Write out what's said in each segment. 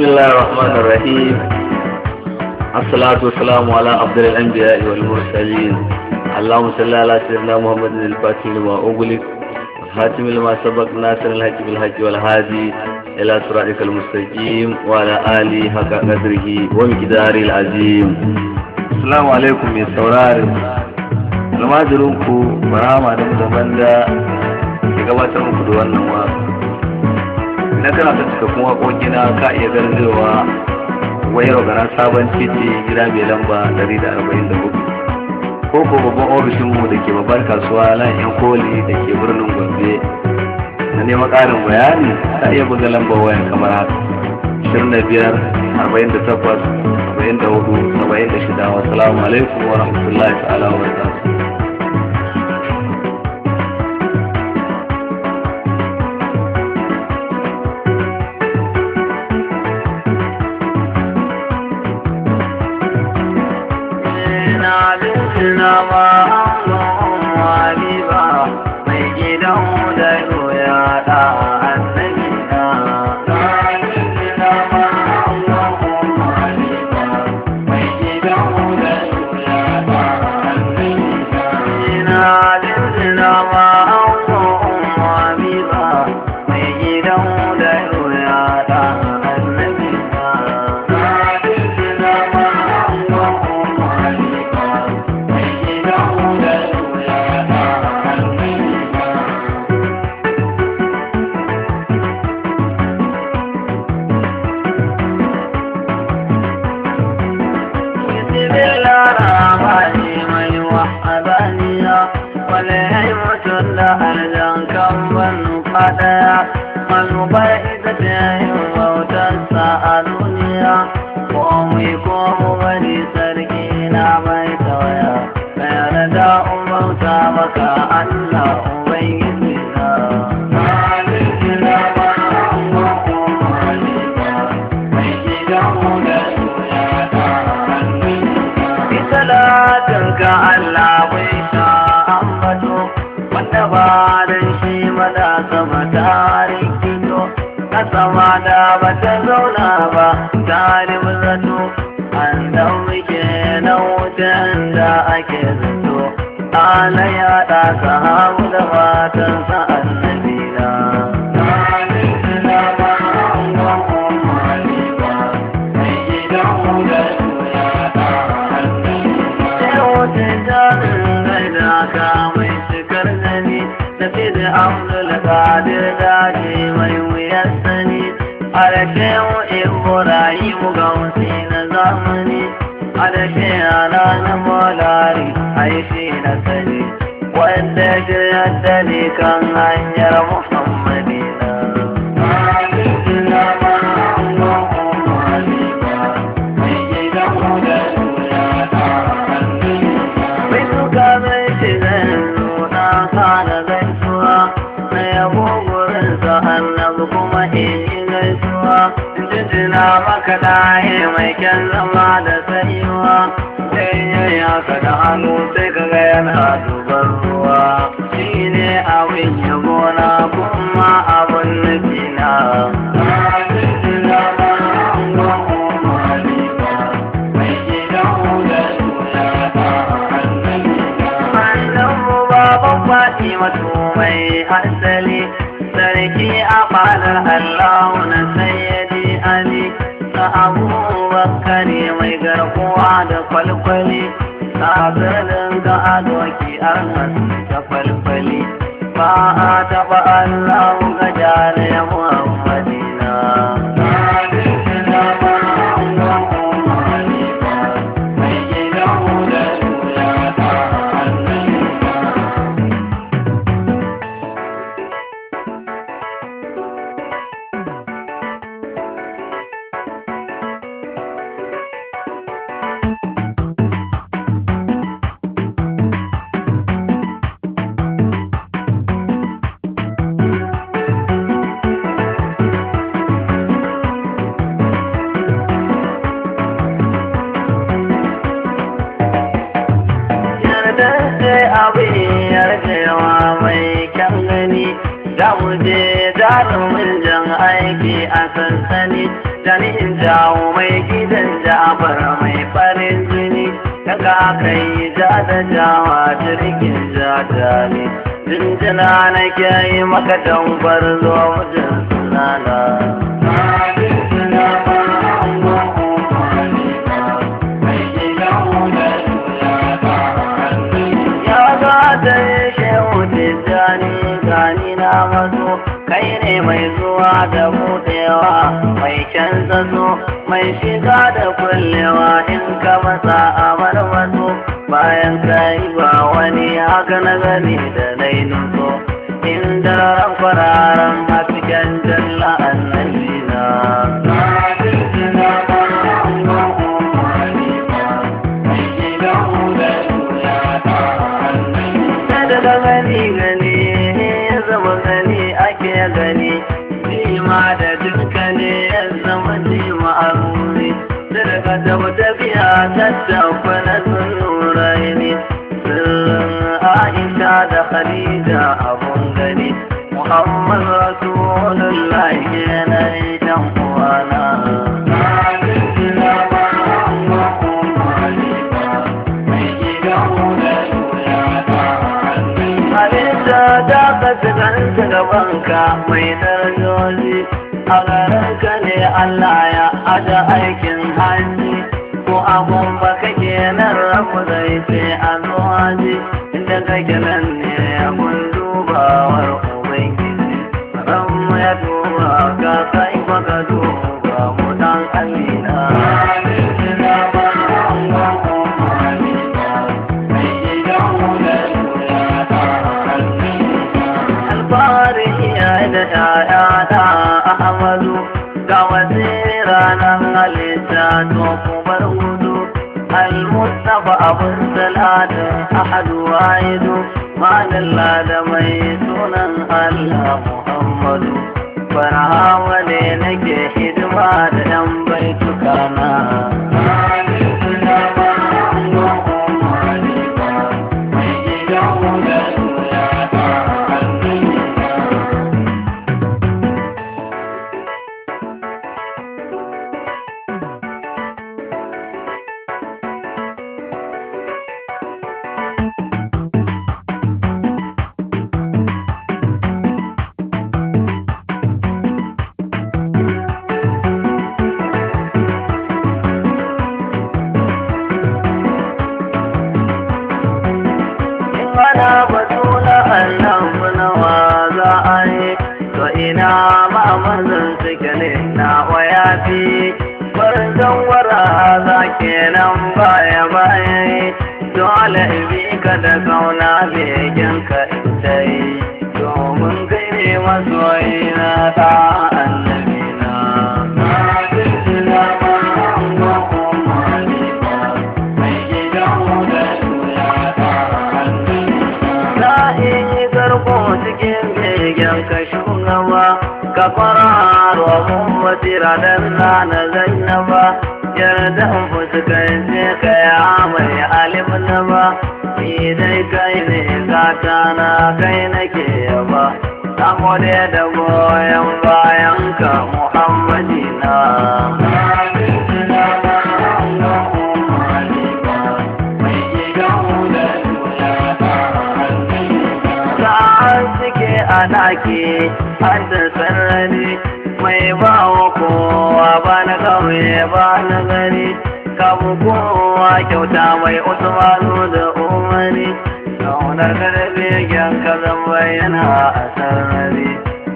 Bismillahirrahmanirrahim Assalatu wassalamu ala afdalil anbiya mursalin Allahumma salli ala sayyidina Muhammadin al-fatih wa ughli ku marama da banda ga wata ku da wannan wa idan kana son cikakkun haƙoƙi na ka iya garzewa wayar garan sabon titi gida mai lamba 144 ko babban ofishinmu da ke babbar kasuwa nan yan koli da ke birnin gombe na neman ƙarin bayani ta iya buga lambar wayan kamar haka shirin da biyar arba'in da takwas arba'in da hudu arba'in da shida wasu alaikum wa rahmatullahi ta'ala wa barakatuhu abincina ba tsohon wani ba mai gidan da doya ɗaya daya malubai sama da ba ta zauna ba ta zato an dauke na wutan da ake zato ala ya da sahabu da matansa annabi Alashehu Ibrahim Gausi na zamani, alashe a ranar molari, aishi na sani, wanda ya yadda ne kan hanyar Muhammadi. Jijina maka dahi mai kyan zama da tsayuwa, sai yin haka da hannu sai ka ga yana dubar ruwa. Shi ne abin yabo na kuma abin nufi na. mai asali sarki a falar Allah na abu bakare mai garkuwa da kwalkwali sabirin ga adoki an ta kwalkwali ba a taɓa allahu ga jarayen rawa mai kyan gani da muje jarumin jan aiki a sansani da ni in jawo mai gidan jabar mai farin jini ta kakai ja da jawa jirgin ja da jinjina na ke yi maka tambar zuwa wajen sunana da buɗewa mai canza zo mai shiga da kullewa in ka matsa a marmato bayan kai ba wani haka na gani da nainu so in da fararen kwararen a cikin jalla zama da dukkan ya zama ne ma'aruri daga da wata biya ta tafa na tunurai ne sirrin aisha da khadija abun gani muhammad rasulullah yana yi dan uwana Halitta ta kasu gaban banka mai darajoji a garinka ne Allah ya aja aikin hannu ko abun ba kake nan rabu zai ce a zuwa ji inda kake nan ne abun dubawa ranar halitta to ku bar hudu al-mustafa abun ahadu wahidu madalla da mai sunan Allah Muhammadu farawa ne nake hidima da yan baituka na mazan suke ne na waya fi barin wara za nan baya baya dole bi ka da zauna begen ka ita domin kai ne masoyi na ta'a ka shugaba ka fararwa ummati ranar rana zannaba yarda fuskan ce ka ya mai alif na ba ni dai kai ne gata na kai nake yaba samu da goyon bayan ka muhammadi na ake har da sarari mai ba kowa ba na kauye ba na gari ka kowa kyauta mai usmanu da umari kaunar karfe gyanka kazan bayyana a sarari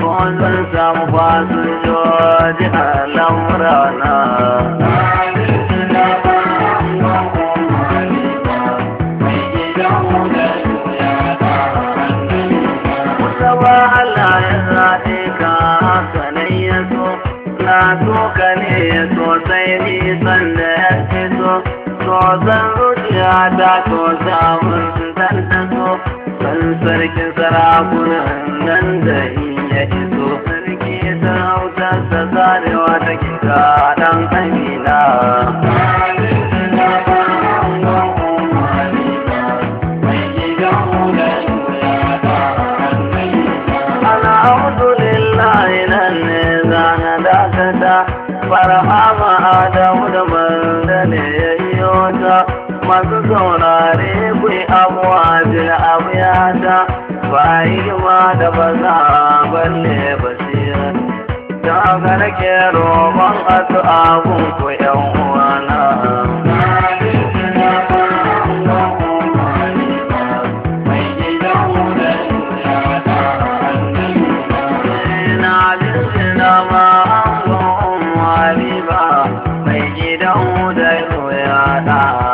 ko zan samu fasinjoji a lamura so ka ne sosai nisan da ya so, sosan zuciya ta sosa mun san ta so san sarkin sarakunan nan da iya iso sarki sarautar sa zarewa take ga dan amina barhama adamu da manzo ne ya yi wata masu saurare ku yi abuwa jin abu ya da ba za a balle basira ta ga nake roƙon addu'a kun ku yan Ah.